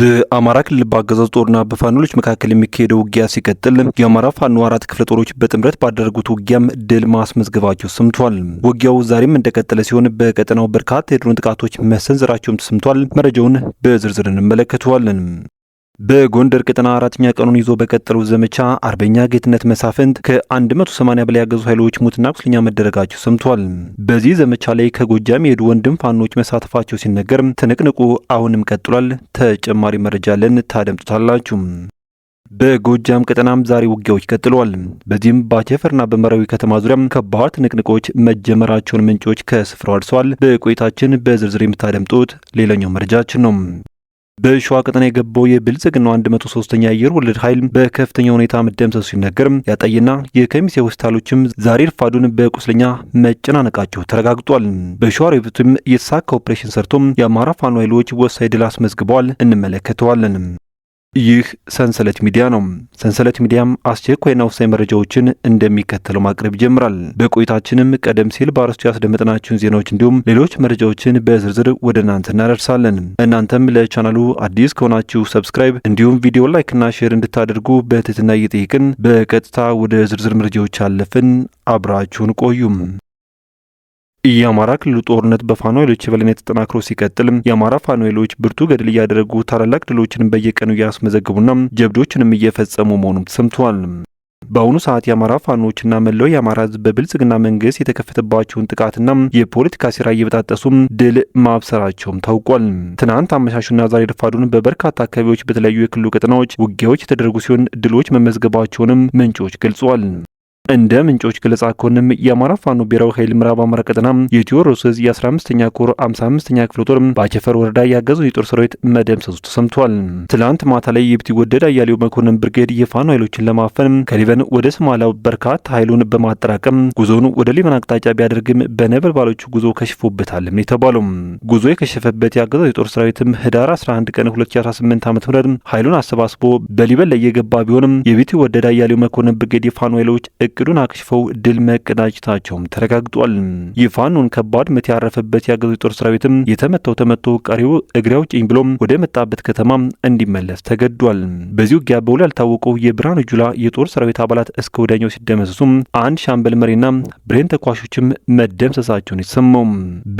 በአማራ ክልል በአገዛዝ ጦርና በፋኖሎች መካከል የሚካሄደው ውጊያ ሲቀጥል የአማራ ፋኖ አራት ክፍለ ጦሮች በጥምረት ባደረጉት ውጊያም ድል ማስመዝገባቸው ሰምቷል። ውጊያው ዛሬም እንደቀጠለ ሲሆን በቀጠናው በርካታ የድሮን ጥቃቶች መሰንዘራቸውም ተሰምቷል። መረጃውን በዝርዝር እንመለከተዋለን። በጎንደር ቀጠና አራተኛ ቀኑን ይዞ በቀጠለው ዘመቻ አርበኛ ጌትነት መሳፍንት ከ180 በላይ ያገዙ ኃይሎች ሙትና ቁስለኛ መደረጋቸው ሰምቷል። በዚህ ዘመቻ ላይ ከጎጃም የሄዱ ወንድም ፋኖች መሳተፋቸው ሲነገር ትንቅንቁ አሁንም ቀጥሏል። ተጨማሪ መረጃ ለን ታደምጡታላችሁ። በጎጃም ቀጠናም ዛሬ ውጊያዎች ቀጥለዋል። በዚህም ባቸፈርና በመራዊ ከተማ ዙሪያ ከባድ ትንቅንቆች መጀመራቸውን ምንጮች ከስፍራው አድርሰዋል። በቆይታችን በዝርዝር የምታደምጡት ሌላኛው መረጃችን ነው። በሸዋ ቀጠና የገባው የብልጽግናው 103ኛ አየር ወለድ ኃይል በከፍተኛ ሁኔታ መደምሰሱ ሲነገር ያጠይና የከሚሴ ሆስፒታሎችም ዛሬ ፋዱን በቁስለኛ መጨናነቃቸው ተረጋግጧል። በሸዋ ሮቢትም የተሳካ ኦፕሬሽን ሰርቶም የአማራ ፋኖ ኃይሎች ወሳኝ ድል አስመዝግበዋል። እንመለከተዋለን። ይህ ሰንሰለት ሚዲያ ነው። ሰንሰለት ሚዲያም አስቸኳይና ወሳኝ መረጃዎችን እንደሚከተለው ማቅረብ ይጀምራል። በቆይታችንም ቀደም ሲል በአርስቱ ያስደመጥናችሁን ዜናዎች እንዲሁም ሌሎች መረጃዎችን በዝርዝር ወደ እናንተ እናደርሳለን። እናንተም ለቻናሉ አዲስ ከሆናችሁ ሰብስክራይብ፣ እንዲሁም ቪዲዮ ላይክና ሼር እንድታደርጉ በትህትና እየጠየቅን በቀጥታ ወደ ዝርዝር መረጃዎች አለፍን። አብራችሁን ቆዩም። የአማራ ክልሉ ጦርነት በፋኖ ኃይሎች የበላይነት ተጠናክሮ ሲቀጥል የአማራ ፋኖ ኃይሎች ብርቱ ገድል እያደረጉ ታላላቅ ድሎችን በየቀኑ እያስመዘገቡና ጀብዶችንም እየፈጸሙ መሆኑም ተሰምተዋል። በአሁኑ ሰዓት የአማራ ፋኖዎችና መላው የአማራ ህዝብ በብልጽግና መንግስት የተከፈተባቸውን ጥቃትና የፖለቲካ ሴራ እየበጣጠሱም ድል ማብሰራቸውም ታውቋል። ትናንት አመሻሹና ዛሬ ረፋዱን በበርካታ አካባቢዎች በተለያዩ የክልሉ ቀጠናዎች ውጊያዎች የተደረጉ ሲሆን ድሎች መመዝገባቸውንም ምንጮች ገልጸዋል። እንደ ምንጮች ገለጻ ከሆነም የአማራ ፋኖ ብሔራዊ ኃይል ምዕራብ አማራ ቀጠና የቴዎድሮስ የ15ኛ ኮር 55ኛ ክፍለ ጦር በአቸፈር ወረዳ ያገዘው የጦር ሰራዊት መደምሰሱ ተሰምቷል። ትላንት ማታ ላይ የብቲ ወደድ አያሌው መኮንን ብርጌድ የፋኖ ኃይሎችን ለማፈን ከሊበን ወደ ሰማላው በርካታ ኃይሉን በማጠራቀም ጉዞውን ወደ ሊበን አቅጣጫ ቢያደርግም በነበልባሎቹ ጉዞ ከሽፎበታል የተባለው ጉዞ የከሸፈበት ያገዘው የጦር ሰራዊትም ህዳር 11 ቀን 2018 ዓ ም ኃይሉን አሰባስቦ በሊበን ላይ የገባ ቢሆንም የብቲ ወደድ አያሌው መኮንን ብርጌድ የፋኖ ኃይሎች እቅዱን አክሽፈው ድል መቀዳጀታቸውም ተረጋግጧል። የፋኖን ከባድ ምት ያረፈበት የአገዙ ጦር ሰራዊትም የተመታው ተመቶ ቀሪው እግሬ አውጭኝ ብሎም ወደ መጣበት ከተማ እንዲመለስ ተገዷል። በዚህ ውጊያ በውል ያልታወቁ የብርሃኑ ጁላ የጦር ሰራዊት አባላት እስከ ወዲያኛው ሲደመሰሱም አንድ ሻምበል መሪና ብሬን ተኳሾችም መደምሰሳቸውን ይሰማው።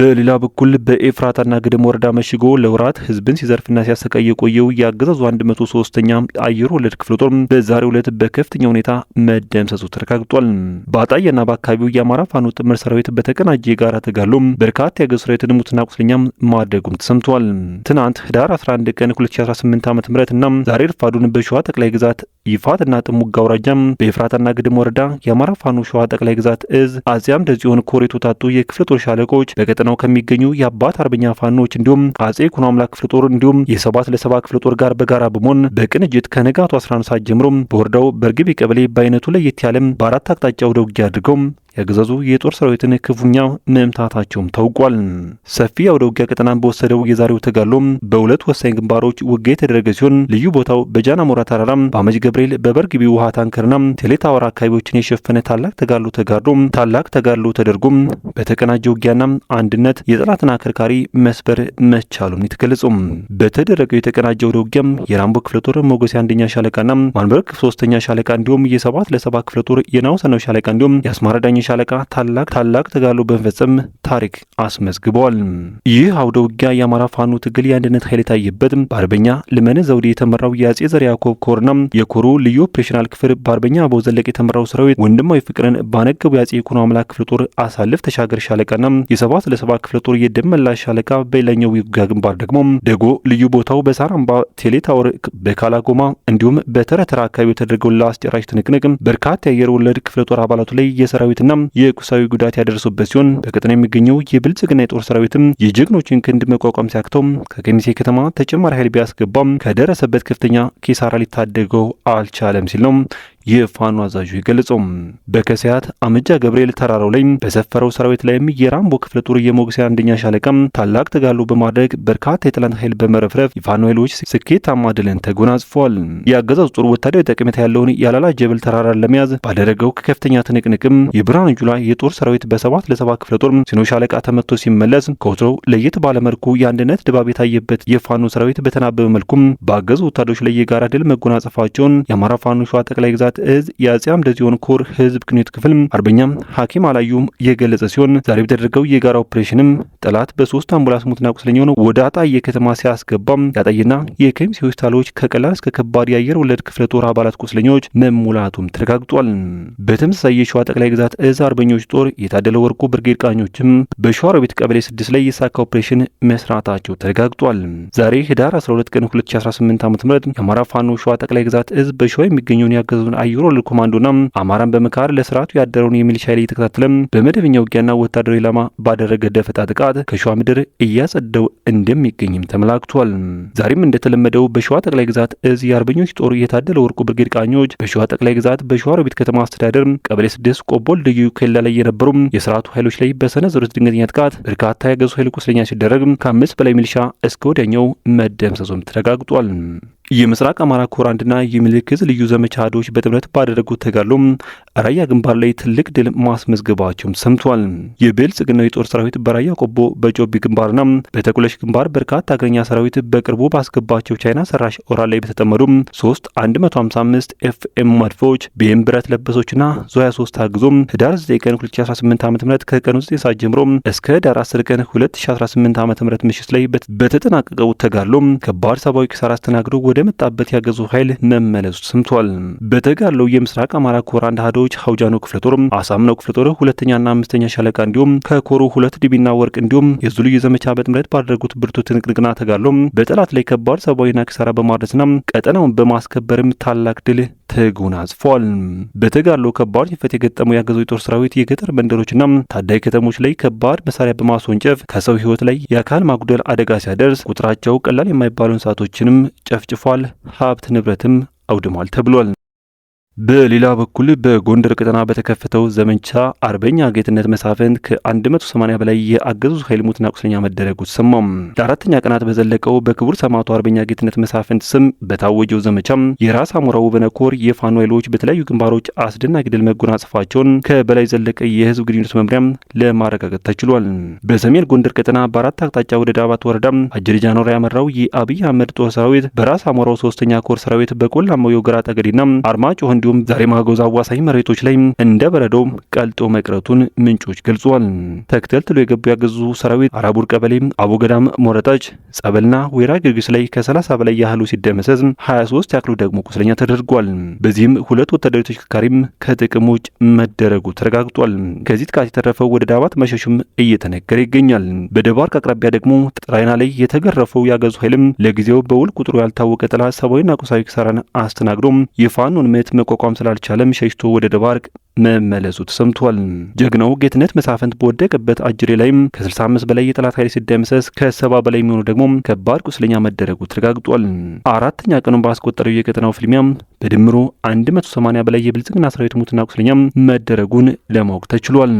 በሌላ በኩል በኤፍራታና ግድም ወረዳ መሽጎ ለውራት ህዝብን ሲዘርፍና ሲያሰቃይ የቆየው የአገዛዙ 103ኛ አየር ወለድ ክፍለ ጦር በዛሬው ዕለት በከፍተኛ ሁኔታ መደምሰሱ ተረጋግጧል። ተወጧል። በአጣዬና በአካባቢው የአማራ ፋኖ ጥምር ሰራዊት በተቀናጀ የጋራ ተጋድሎ በርካታ የአገዛዙ ሰራዊትን ሙትና ቁስለኛ ማድረጉም ተሰምቷል። ትናንት ህዳር 11 ቀን 2018 ዓ.ም እና ዛሬ ርፋዱን በሸዋ ጠቅላይ ግዛት ይፋትና ጥሙጋ አውራጃም በኤፍራታና ግድም ወረዳ የአማራ ፋኖ ሸዋ ጠቅላይ ግዛት እዝ አጼ አምደ ጽዮን ኮር የተውጣጡ የክፍለ ጦር ሻለቆች በቀጠናው ከሚገኙ የአባት አርበኛ ፋኖች እንዲሁም አጼ ኩኖ አምላክ ክፍለ ጦር እንዲሁም የሰባት ለሰባ ክፍለ ጦር ጋር በጋራ በመሆን በቅንጅት ከንጋቱ 11 ሰዓት ጀምሮ በወረዳው በእርግቤ ቀበሌ በአይነቱ ለየት ያለም በአራት አቅጣጫ ወደ ውጊያ አድርገው የአገዛዙ የጦር ሰራዊትን ክፉኛ መምታታቸውም ታውቋል። ሰፊ አውደ ውጊያ ቀጠናን በወሰደው የዛሬው ተጋድሎም በሁለት ወሳኝ ግንባሮች ውጊያ የተደረገ ሲሆን ልዩ ቦታው በጃን አሞራ ተራራ፣ በአመጅ ገብርኤል፣ በበርግቢ ውሃ ታንከርና ቴሌ ታወር አካባቢዎችን የሸፈነ ታላቅ ተጋሎ ተጋድሎ ታላቅ ተጋድሎ ተደርጎም በተቀናጀ ውጊያና አንድነት የጠላትን አከርካሪ መስበር መቻሉን የተገለጹም በተደረገው የተቀናጀ አውደ ውጊያም የራምቦ ክፍለ ጦር ሞገሴ አንደኛ ሻለቃና ማንበርክ ሶስተኛ ሻለቃ እንዲሁም የሰባት ለሰባ ክፍለ ጦር የናውሰናው ሻለቃ እንዲሁም የአስማራ ዳኝ ሻለቃ ታላቅ ታላቅ ተጋድሎ በመፈጸም ታሪክ አስመዝግቧል። ይህ አውደ ውጊያ የአማራ ፋኖ ትግል የአንድነት ኃይል የታየበት በአርበኛ ልመነ ዘውዴ የተመራው የአጼ ዘር ያዕቆብ ኮርና የኮሩ ልዩ ኦፕሬሽናል ክፍል በአርበኛ አበው ዘለቅ የተመራው ሰራዊት ወንድማዊ ፍቅርን ባነገቡ የአጼ ይኩኖ አምላክ ክፍለ ጦር አሳልፍ ተሻገር ሻለቃና የሰባት ለሰባት ክፍለ ጦር የደመላሽ ሻለቃ በሌላኛው ውጊያ ግንባር ደግሞ ደጎ ልዩ ቦታው በሳራምባ ቴሌታወር በካላጎማ እንዲሁም በተረተራ አካባቢ የተደረገው ለአስጨራሽ ትንቅንቅ በርካታ የአየር ወለድ ክፍለ ጦር አባላቱ ላይ የሰራዊትና የቁሳዊ ጉዳት ያደረሱበት ሲሆን በቀጠና የሚገኘው የብልጽግና የጦር ሰራዊትም የጀግኖችን ክንድ መቋቋም ሲያክተው ከገሚሴ ከተማ ተጨማሪ ኃይል ቢያስገባም ከደረሰበት ከፍተኛ ኪሳራ ሊታደገው አልቻለም ሲል ነው የፋኖ አዛዡ የገለጸው። በከሰያት አምጃ ገብርኤል ተራራው ላይ በሰፈረው ሰራዊት ላይም የራምቦ ክፍለ ጦር የሞገሴ አንደኛ ሻለቃ ታላቅ ተጋድሎ በማድረግ በርካታ የጠላት ኃይል በመረፍረፍ የፋኖ ኃይሎች ስኬታማ ድልን ተጎናጽፏል። የአገዛዙ ጦር ወታደራዊ ጠቀሜታ ያለውን የአላላ ጀበል ተራራን ለመያዝ ባደረገው ከፍተኛ ትንቅንቅም የብርሃን ጁላ የጦር ሰራዊት በሰባት ለሰባት ክፍለ ጦር ሲኖ ሻለቃ ተመቶ ሲመለስ ከወትሮው ለየት ባለመልኩ የአንድነት ድባብ የታየበት የፋኖ ሰራዊት በተናበበ መልኩም በአገዙ ወታደሮች ላይ የጋራ ድል መጎናጸፋቸውን የአማራ ፋኖ ሸዋ ጠቅላይ ግዛት ግዛት እዝ የአጼ አምደ ጽዮን ኮር ህዝብ ግንኙነት ክፍል አርበኛ ሐኪም አላዩም የገለጸ ሲሆን ዛሬ በተደረገው የጋራ ኦፕሬሽንም ጠላት በሶስት አምቡላንስ ሙትና ቁስለኛ ሆነው ወደ አጣዬ ከተማ ሲያስገባም የአጣዬና የከሚሴ ሆስፒታሎች ከቀላል እስከ ከባድ የአየር ወለድ ክፍለ ጦር አባላት ቁስለኞች መሙላቱም ተረጋግጧል። በተመሳሳይ የሸዋ ጠቅላይ ግዛት እዝ አርበኞች ጦር የታደለ ወርቁ ብርጌድ ቃኞችም በሸዋሮቢት ቀበሌ ስድስት ላይ የሳካ ኦፕሬሽን መስራታቸው ተረጋግጧል። ዛሬ ህዳር 12 ቀን 2018 ዓ ም የአማራ ፋኖ ሸዋ ጠቅላይ ግዛት እዝ በሸዋ የሚገኘውን ያገዙን አየሮል ኮማንዶና አማራን በመካር ለስርዓቱ ያደረውን የሚሊሻ ላይ የተከታተለም በመደበኛ ውጊያና ወታደራዊ ኢላማ ባደረገ ደፈጣ ጥቃት ከሸዋ ምድር እያጸደው እንደሚገኝም ተመላክቷል። ዛሬም እንደተለመደው በሸዋ ጠቅላይ ግዛት እዝ የአርበኞች ጦር እየታደለ ወርቁ ብርጌድ ቃኞች በሸዋ ጠቅላይ ግዛት በሸዋ ሮቢት ከተማ አስተዳደር ቀበሌ ስድስት ቆቦል ልዩ ኬላ ላይ የነበሩ የስርዓቱ ኃይሎች ላይ በሰነዘሩት ድንገተኛ ጥቃት በርካታ ያገዙ ኃይል ቁስለኛ ሲደረግ ከአምስት በላይ ሚሊሻ እስከ ወዲያኛው መደምሰሱም ተረጋግጧል። የምስራቅ አማራ ኮር አንድና የምልክት ልዩ ዘመቻ አህዶች በጥምረት ባደረጉት ተጋድሎም ራያ ግንባር ላይ ትልቅ ድል ማስመዝገባቸውም ሰምቷል። የብልጽግናው የጦር ሰራዊት በራያ ቆቦ፣ በጮቢ ግንባርና በተኩለሽ ግንባር በርካታ እግረኛ ሰራዊት በቅርቡ ባስገባቸው ቻይና ሰራሽ ኦራ ላይ በተጠመዱ ሶስት 155 ኤፍኤም መድፎች ቢኤም ብረት ለበሶችና ዙ 23 ታግዞ ህዳር 9 ቀን 2018 ዓ ም ከቀኑ 9 ሰዓት ጀምሮ እስከ ህዳር 10 ቀን 2018 ዓ ም ምሽት ላይ በተጠናቀቀው ተጋድሎ ከባድ ሰብአዊ ኪሳራ አስተናግዶ ወደ መጣበት ያገዙ ኃይል መመለሱ ሰምቷል። በተጋለው የምስራቅ አማራ ኮር አንድ አህዶች ሀውጃኖ ክፍለ ጦር፣ አሳምነው ክፍለ ጦር ሁለተኛና አምስተኛ ሻለቃ እንዲሁም ከኮሩ ሁለት ዲቢና ወርቅ እንዲሁም የዙ ልዩ ዘመቻ በጥምረት ባደረጉት ብርቱ ትንቅንቅና ተጋድሎ በጠላት ላይ ከባድ ሰብአዊና ኪሳራ በማድረስና ቀጠናውን በማስከበርም ታላቅ ድል ተጎናጽፏል። በተጋድሎ ከባድ ሽንፈት የገጠመው ያገዘው የጦር ሰራዊት የገጠር መንደሮችና ታዳጊ ከተሞች ላይ ከባድ መሳሪያ በማስወንጨፍ ከሰው ህይወት ላይ የአካል ማጉደል አደጋ ሲያደርስ ቁጥራቸው ቀላል የማይባሉ እንስሳቶችንም ጨፍጭፏል። አጥፏል፣ ሀብት ንብረትም አውድሟል ተብሏል። በሌላ በኩል በጎንደር ቀጠና በተከፈተው ዘመቻ አርበኛ ጌትነት መሳፍንት ከ180 በላይ የአገዛዙ ኃይል ሙትና ቁስለኛ መደረጉ ተሰማም። ለአራተኛ ቀናት በዘለቀው በክቡር ሰማዕቱ አርበኛ ጌትነት መሳፍንት ስም በታወጀው ዘመቻም የራስ አሞራው በነኮር ኮር የፋኖ ኃይሎች በተለያዩ ግንባሮች አስደናቂ ድል መጎናጸፋቸውን ከበላይ ዘለቀ የህዝብ ግንኙነት መምሪያም ለማረጋገጥ ተችሏል። በሰሜን ጎንደር ቀጠና በአራት አቅጣጫ ወደ ዳባት ወረዳ አጀር ያመራው የአብይ አህመድ ጦር ሰራዊት በራስ አሞራው ሶስተኛ ኮር ሰራዊት በቆላማው የወገራ ጠገዴና አርማጭሆ እንዲሁም ዛሬ ማጎዝ አዋሳኝ መሬቶች ላይ እንደ በረዶ ቀልጦ መቅረቱን ምንጮች ገልጿል። ተክተል ትሎ የገቡ ያገዙ ሰራዊት አራቡር ቀበሌ፣ አቦገዳም፣ ሞረጣጭ፣ ጸበልና ወይራ ጊዮርጊስ ላይ ከ30 በላይ ያህሉ ሲደመሰስ 23 ያክሉ ደግሞ ቁስለኛ ተደርጓል። በዚህም ሁለት ወታደራዊ ተሽከርካሪም ከጥቅም ውጭ መደረጉ ተረጋግጧል። ከዚህ ጥቃት የተረፈው ወደ ዳባት መሸሹም እየተነገረ ይገኛል። በደባርቅ አቅራቢያ ደግሞ ጥራይና ላይ የተገረፈው ያገዙ ኃይልም ለጊዜው በውል ቁጥሩ ያልታወቀ ጥላ ሰብአዊና ቁሳዊ ክሳራን አስተናግዶም የፋኖን ምት መቆ መቋቋም ስላልቻለም ሸሽቶ ወደ ደባርቅ መመለሱ ተሰምቷል። ጀግናው ጌትነት መሳፈንት በወደቀበት አጅሬ ላይም ከ65 በላይ የጠላት ኃይል ሲደመሰስ ከሰባ በላይ የሚሆኑ ደግሞ ከባድ ቁስለኛ መደረጉ ተረጋግጧል። አራተኛ ቀኑን ባስቆጠረው የቀጠናው ፍልሚያ በድምሮ 180 በላይ የብልጽግና ሰራዊት ሙትና ቁስለኛ መደረጉን ለማወቅ ተችሏል።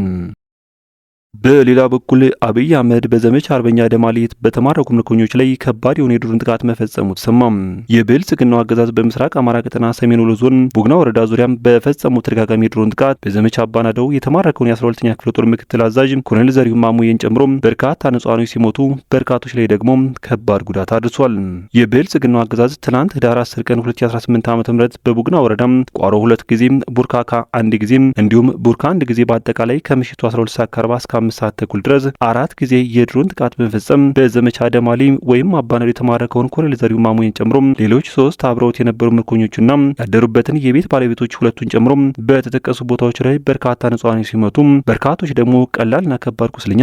በሌላ በኩል አብይ አህመድ በዘመቻ አርበኛ ደማሌት በተማረኩ ምርኮኞች ላይ ከባድ የሆነ የድሮን ጥቃት መፈጸሙ ተሰማም። የብልጽግናው አገዛዝ በምስራቅ አማራ ቀጠና ሰሜን ወሎ ዞን ቡግና ወረዳ ዙሪያም በፈጸሙ ተደጋጋሚ የድሮን ጥቃት በዘመቻ አባናደው የተማረከውን የ12ኛ ክፍለ ጦር ምክትል አዛዥ ኮሎኔል ዘሪሁን ማሙዬን ጨምሮ በርካታ ንጹሃኖች ሲሞቱ በርካቶች ላይ ደግሞ ከባድ ጉዳት አድርሷል። የብልጽግናው አገዛዝ ትናንት ህዳር 10 ቀን 2018 ዓ ም በቡግና ወረዳም ቋሮ ሁለት ጊዜ ቡርካካ አንድ ጊዜም እንዲሁም ቡርካ አንድ ጊዜ በአጠቃላይ ከምሽቱ 12 ሰዓት ከ40 እስከ አምስት ሰዓት ተኩል ድረስ አራት ጊዜ የድሮን ጥቃት በመፈጸም በዘመቻ ደማሊ ወይም አባነር የተማረከውን ኮሎኔል ዘሪሁን ማሞን ጨምሮ ሌሎች ሶስት አብረውት የነበሩ ምርኮኞችና ያደሩበትን የቤት ባለቤቶች ሁለቱን ጨምሮ በተጠቀሱ ቦታዎች ላይ በርካታ ንጹሐን ሲመቱ፣ በርካቶች ደግሞ ቀላልና ከባድ ቁስለኛ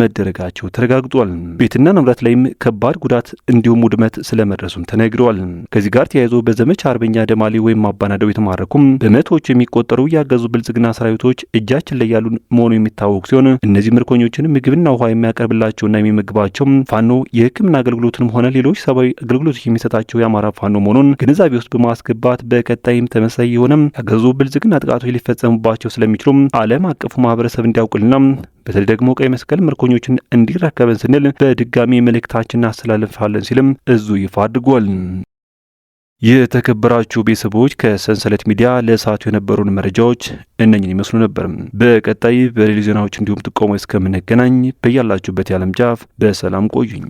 መደረጋቸው ተረጋግጧል። ቤትና ንብረት ላይም ከባድ ጉዳት እንዲሁም ውድመት ስለመድረሱም ተነግረዋል። ከዚህ ጋር ተያይዞ በዘመቻ አርበኛ ደማሊ ወይም አባናደው የተማረኩም በመቶዎች የሚቆጠሩ ያገዙ ብልጽግና ሰራዊቶች እጃችን ላይ ያሉ መሆኑ የሚታወቅ ሲሆን እነዚህ ምርኮኞችንም ምግብና ውሃ የሚያቀርብላቸውና የሚመግባቸው ፋኖ የህክምና አገልግሎትንም ሆነ ሌሎች ሰብአዊ አገልግሎቶች የሚሰጣቸው የአማራ ፋኖ መሆኑን ግንዛቤ ውስጥ በማስገባት በቀጣይም ተመሳይ የሆነ ያገዙ ብልጽግና ጥቃቶች ሊፈጸሙባቸው ስለሚችሉም ዓለም አቀፉ ማህበረሰብ እንዲያውቅልና በተለይ ደግሞ ቀይ መስቀል ምርኮኞችን እንዲረከበን ስንል በድጋሚ መልእክታችን እናስተላልፋለን ሲልም እዙ ይፋ አድርጓል። የተከበራችሁ ቤተሰቦች ከሰንሰለት ሚዲያ ለሰዓቱ የነበሩን መረጃዎች እነኝን ይመስሉ ነበር። በቀጣይ በሌሎች ዜናዎች እንዲሁም ጥቆሞ እስከምንገናኝ በያላችሁበት የዓለም ጫፍ በሰላም ቆዩኝ።